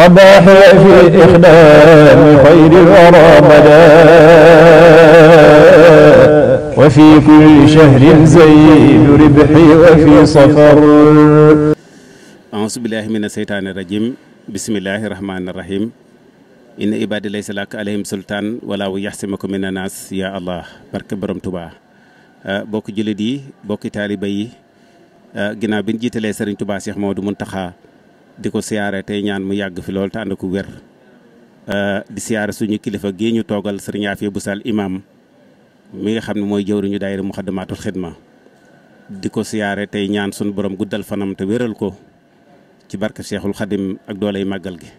وضاحي في إخدام خير الورى بدا وفي كل شهر زيد ربحي وفي صفر أعوذ بالله من الشيطان الرجيم بسم الله الرحمن الرحيم إن عبادي ليس لك عليهم سلطان ولا يحسمكم من الناس يا الله barke borom Tuubaa bokk jullit yi bokki taaliba yi ginnaaw bi ñu jiitalee Sëriñ Tuubaa Cheikh Maodo Mountakha di ko siyaare tey ñaan mu yàgg fi loolu te ànd ku wér eh, di siyaare suñu kilifa gi ñu toogal sëriñ Afia Busal imam mi nga xam ne mooy jëwriñu daayira Muxaddamaatul Xidma di ko siyaare tey ñaan suñu borom guddal fanam te wéral ko ci barke Cheikhul Xadim ak dooley màggal gi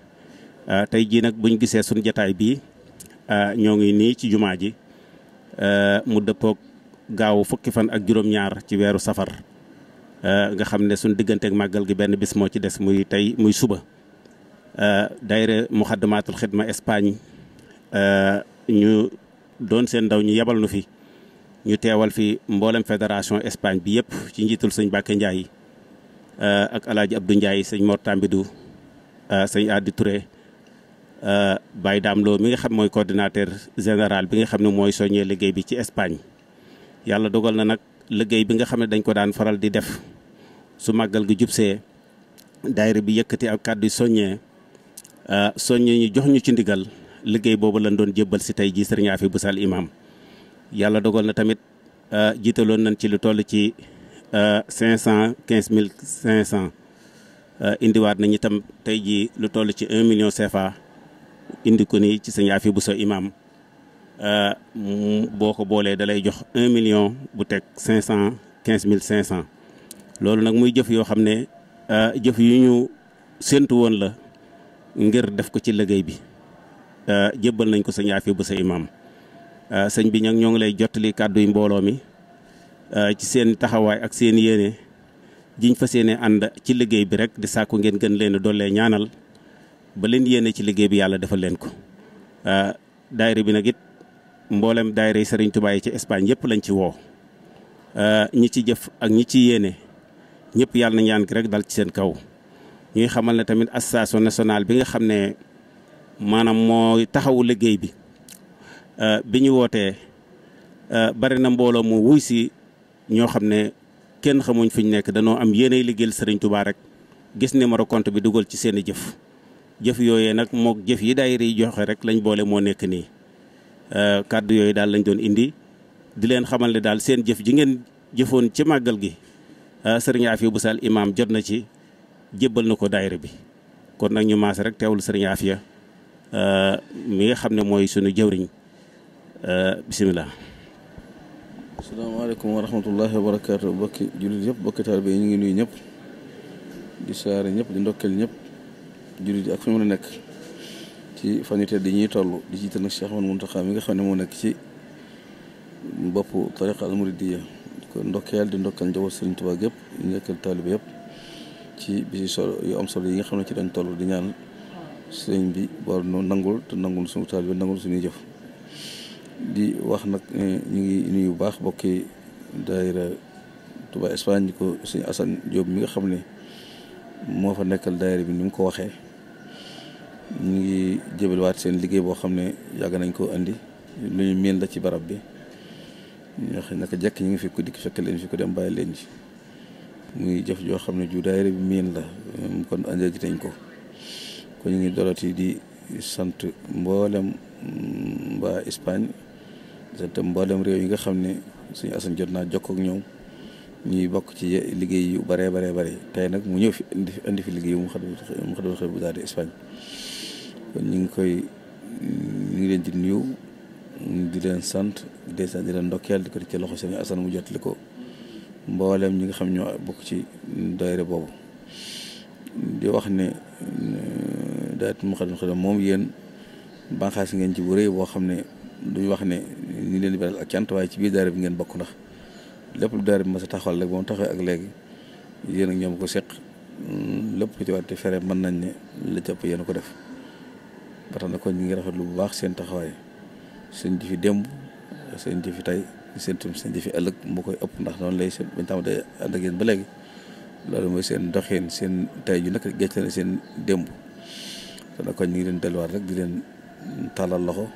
eh, tey jii nag buñ gisee suñ jataay bii eh, ñoo ngi nii ci jumaa ji mu dëppook gaaw fukki fan ak juróom-ñaar ci weeru safar Euh, nga xam ne suñ diggante ak màggal gi benn bis moo ci des muy tey muy suba euh, daayira muxaddamaatul xidma Espagne euh, ñu doon seen ndaw ñu yebal na fi ñu teewal fi mboolem fédération Espagne bi yëpp ci njiitul sëñ Bakke Ndiaye ak alaaji Abdou Ndiaye sëñ Mor Tambidou sëñ Adi Touré Baye daam Lo mi nga xam mooy coordinateur général bi nga xam ne mooy soññee liggéey bi ci Espagne yàlla dogal na nag liggéey bi nga xam ne dañ ko daan faral di def su màggal gi jubsee daayira bi yëkkati ak kàddu soññee ah, soññee ñu jox ñu ci ndigal liggéey boobu lañ doon jébbal si tey jii sëriñ Afi bu sal imaam yàlla dogal na tamit ah, jiitaloon nañ ci lu toll ci ah, cinq cent quinze mille cinq cent indiwaat nañ itam tey jii lu toll ci un million CFA indi ko ni ci sëriñ Afi bu sal imaam boo ko boolee da lay jox un million bu teg cinq cent quinze mille cinq cent loolu nag muy jëf yoo xam ne euh, jëf yu ñu séntu woon la ngir def ko ci liggéey bi euh, jébbal nañ ko sëñ Afia bu sa imaam euh, sëñ bi ñag ñoo ngi lay jottali kàddu yi mbooloo mi ci seen taxawaay ak seen yéene jiñ fa seen ànd ci liggéey bi rek di sàkku ngeen gën leen doole ñaanal ba leen yéene ci liggéey bi yàlla defal leen ko daayira bi nag it mboolem daayira yi Sëriñ Tuubaa yi ci Espagne yëpp lañ ci woo ñi ci jëf ak ñi ci yéene ñëpp yàlla na ñaan gi rek dal ci seen kaw ñuy xamal ne tamit association nationale bi nga xam ne maanaam mooy taxawu liggéey bi euh, bi ñu wootee euh, bari na mbooloo mu wuy si ñoo xam ne kenn xamuñ fi ñu nekk danoo am liggéey liggéeyal Serigne tubaa rek gis numéro compte bi dugal ci seen i jëf jëf yooyee nag mook jëf yi daayira yi joxe rek lañ boole moo nekk nii euh, kàddu yooyu daal lañ doon indi di leen xamal ne daal seen jëf ji ngeen jëfoon ci màggal gi Ah, sëriñ Afia bu sal imaam jot na ci jébbal na ko daayira bi kon nag ñu maas rek teewul sëriñ Afia ah, mi nga xam ne mooy sunu jëwriñ ah, bisimilah. asalaamaaleykum wa rahmatullahi wa barakaatu yëpp bokki taalibe ñu ngi nuyu ñëpp ñëpp di ndokkeel ñëpp jullit yi ak fi nekk ci fan yu tedd ñuy toll di jiital nag Cheikh Ahmadou Mountakha mi nga xam ne moo nekk ci boppu tariqa al ndokkeel di ndokkeel njaboot Serigne Touba gépp di ndokkeel taalibe yëpp ci bisi solo yu am solo yi nga xam ne ci dañ toll di ñaan sëriñ bi war noo nangul te nangul suñu taalibe nangul suñuy jëf di wax nag ñu ngi nuyu bu baax bokki daayira Touba Espagne di ko sëñ Assane Diop mi nga xam ne moo fa nekkal daayira bi ni mu ko waxee ñu ngi jëbal waat seen liggéey boo xam ne yàgg nañ koo indi lu ñu miin la ci barab bi ñoo xam naka jekk ñu ngi fi ko dikk fekk leen fi ko dem bàyyi leen ci muy jëf joo xam ne ju daayira bi la um, kon andee ji nañ ko kon ñu ngi dolati di sant mboolem mm, waa Espagne sant mboolem réew yi nga xam ne suñu asan jot naa jokk ak ñoom ñuy bokk ci liggéey yu baree baree bare tey nag mu ñëw fi indi fi indi fi liggéey mu xam mu bu daa di Espagne kon ñu ngi koy ñu ngi leen di nuyu. di leen sant di leen ndokkeel di ko ci loxo sëriñ Asan mu jotali ko mbooleem ñi nga xam ñoo bokk ci daayira boobu di wax ne euh, daayira Muxaddamatul Xidma moom yéen banqaas ngeen ci bu boo xam ne duñ wax ne ñu ak cant ci biir daayira bi ngeen bokk ndax lépp lu daayira bi mas a taxawal rek ba mu taxawee ak léegi yéen ak ñoom ko seq mm, lépp ci wàtte fere mën nañ ne la jàpp yéen ko def ba tax na ko ñu ngi rafetlu bu baax seen taxawaay seen jëfi démb seen jëfi tey seen tum seen jëfi ëllëg moo koy ëpp ndax noonu lay seen bañ tam day ànd ak ba léegi loolu mooy seen doxin seen tey ju nekk gecc na seen démb kon nag ñu ngi delluwaat rek di leen tàllal loxo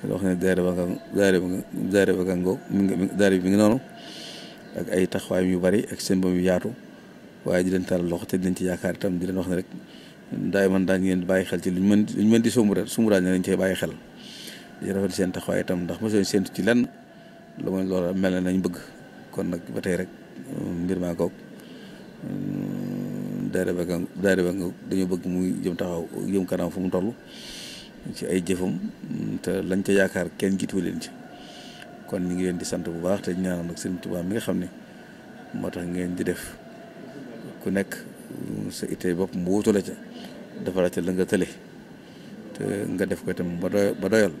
te ne daare ba nga daare ba nga daare ba nga ngoog mi ngi bi mi ngi ak ay taxawaay yu bari ak seen yu yaatu waaye di leen tàllal loxo te di leen ci yaakaar itam di leen wax ne rek daay man daañ ngeen bàyyi xel ci luñ mën luñ mën di sumb rek sumb daal ne lañ cee bàyyi xel di rafetlu seen taxawaay itam ndax mosoon séntu ci lenn lu mooy loola mel na nañ bëgg kon nag ba tey rek um, mbir maa koog um, daara ba daara ba dañoo bëgg muy jëm taxaw jëm kanam fu mu toll ci ay jëfam um, te lañ ca yaakaar kenn jiitu leen ci kon ñu ngi leen di sant bu baax te ñaanal nag Sëriñ tubaab mi nga xam ne moo tax ngeen di def ku nekk sa ittee bopp mu wutu la ca dafa la ca la nga tële te nga def ko itam ba ba doyal.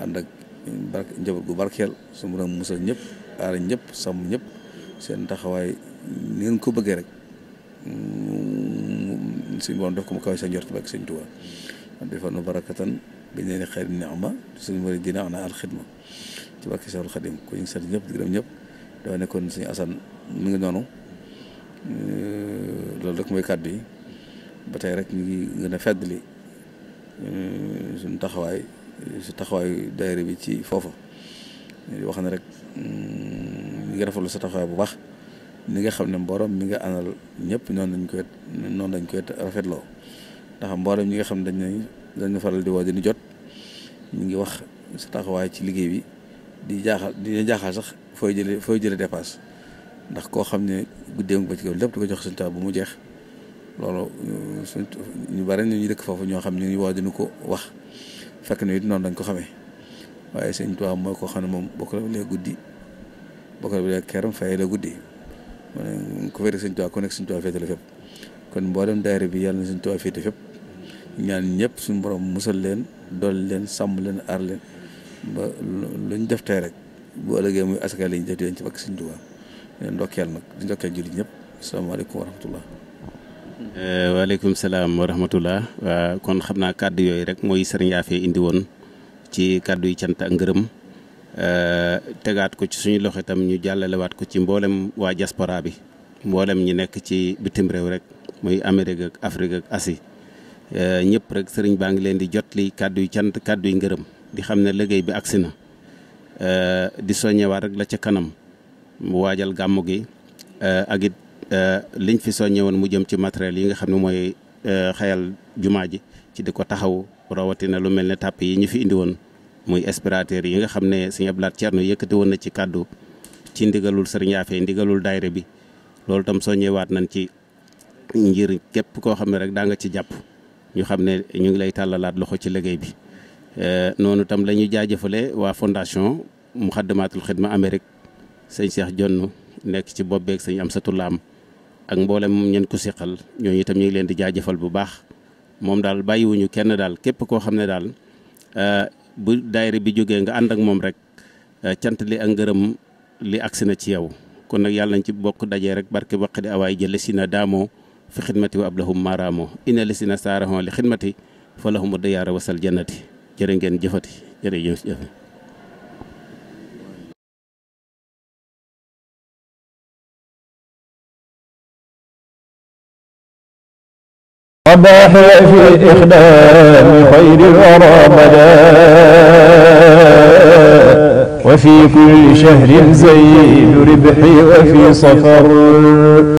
ànd ak barke gu barkeel su mu doon musal ñëpp aar ñëpp sàmm ñëpp seen taxawaay ni ngeen ko bëggee rek mm, suñu borom def ko mu kawe sa njort ak sëñ Tuubaa defal nu barakatan bi nee ni xëy ma suñu mari dina ana al xidma ci barke Seexul Xadim ko ñu ngi ñëpp di gërëm ñëpp dafa nekkoon suñu Asan mu ngi noonu eh, loolu rek mooy kàddu ba tey rek ñu ngi gën a feddali eh, suñu taxawaay si taxawaayu daayira bi ci foofa di wax ne rek mm, ñu ngi rafetlu sa taxawaay bu baax ni nga xam ne mbooroom mi nga àndal ñëpp noonu lañ ko noonu lañ koy rafetloo ndax mbooroom ñi nga xam ne dañ nañ dañu faral di woo di jot ñu ngi wax sa taxawaay ci liggéey bi di jaaxal di jaaxal sax fooy jëlee fooy jëlee dépasse ndax koo xam ne guddee ba ci kaw lépp di ko jox suñu taal bu mu jeex loolu suñ ñu bari ñu dëkk foofu ñoo xam ne ñu ngi woo ko wax. fekk na it noonu lañ ko xamee waaye sëñ Tuubaa mooy koo xam ne moom bokk la lee guddi bokk la lee keram fayee la guddi man ku féete sëñ Tuubaa ku nekk sëñ Tuubaa féete la fépp kon mboolem daayira bi yàlla na sëñ Tuubaa féete fépp ñaan ñëpp suñu borom musal leen dool leen sàmm leen aar leen ba luñ def tey rek bu ëllëgee muy askan lañ def di leen ci bakk sëñ Tuubaa leen ndokkeel nag di ndokkeel jullit ñëpp asalaamaaleykum wa rahmatullah Euh, waaleykum salaam wa rahmatullah kon xam naa kàddu yooyu rek mooy sëriñ Afé indi woon ci kàddu yi cant ak ngërëm euh, tegaat ko ci suñu loxo itam ñu jàllalewaat ko ci mbooleem waa diaspora bi mbooleem ñi nekk ci bitim réew rek muy Amérique ak Afrique ak Asie euh, ñëpp rek sëriñ baa ngi leen di jot li kàddu yi cant kàddu yi ngërëm di xam ne liggéey bi agsi na di soññewaat rek la ca kanam mu waajal gàmmu gi ak Euh, liñ fi soññe woon mu jëm ci matériel yi nga xam ne mooy euh, xayal jumaa ji ci di ko taxaw rawatina lu mel ne tàpp yi ñu fi indi woon muy aspirateur yi nga xam ne Sëñ Abdou Lahad Thierno na ci kàddu ci ndigalul Sëriñ Yaafe ndigalul daayira bi loolu tam soññewaat nañ ci ngir képp koo xam ne rek daa nga ci jàpp ñu xam ne ñu ngi lay tàllalaat loxo ci liggéey bi euh, noonu tam la ñuy jaajëfale waa fondation mu Muxaddamaatul Xidma Amérique sëñ Cheikh Jonn nekk ci bopp sañ am Amsatu Laam ak mboolem ñen ko siqal ñooñu itam ñu ngi leen di jaajëfal bu baax moom daal bàyyiwuñu kenn daal képp koo xam ne daal euh, bu daayira bi jógee nga ànd ak moom rek euh, cant li ak ngërëm li agsi na ci yow kon nag yàlla nañ ci bokk dajee rek barke waq di awaay jële si na daamoo fi xidmati wa ablahum maaraamoo ina li si na saarahon li xidmati fa lahum dayaara wasal jannati jërë ngeen jëfati jërë jëf قباح في إخدام خير الورى بدا وفي كل شهر زيد ربحي وفي صفر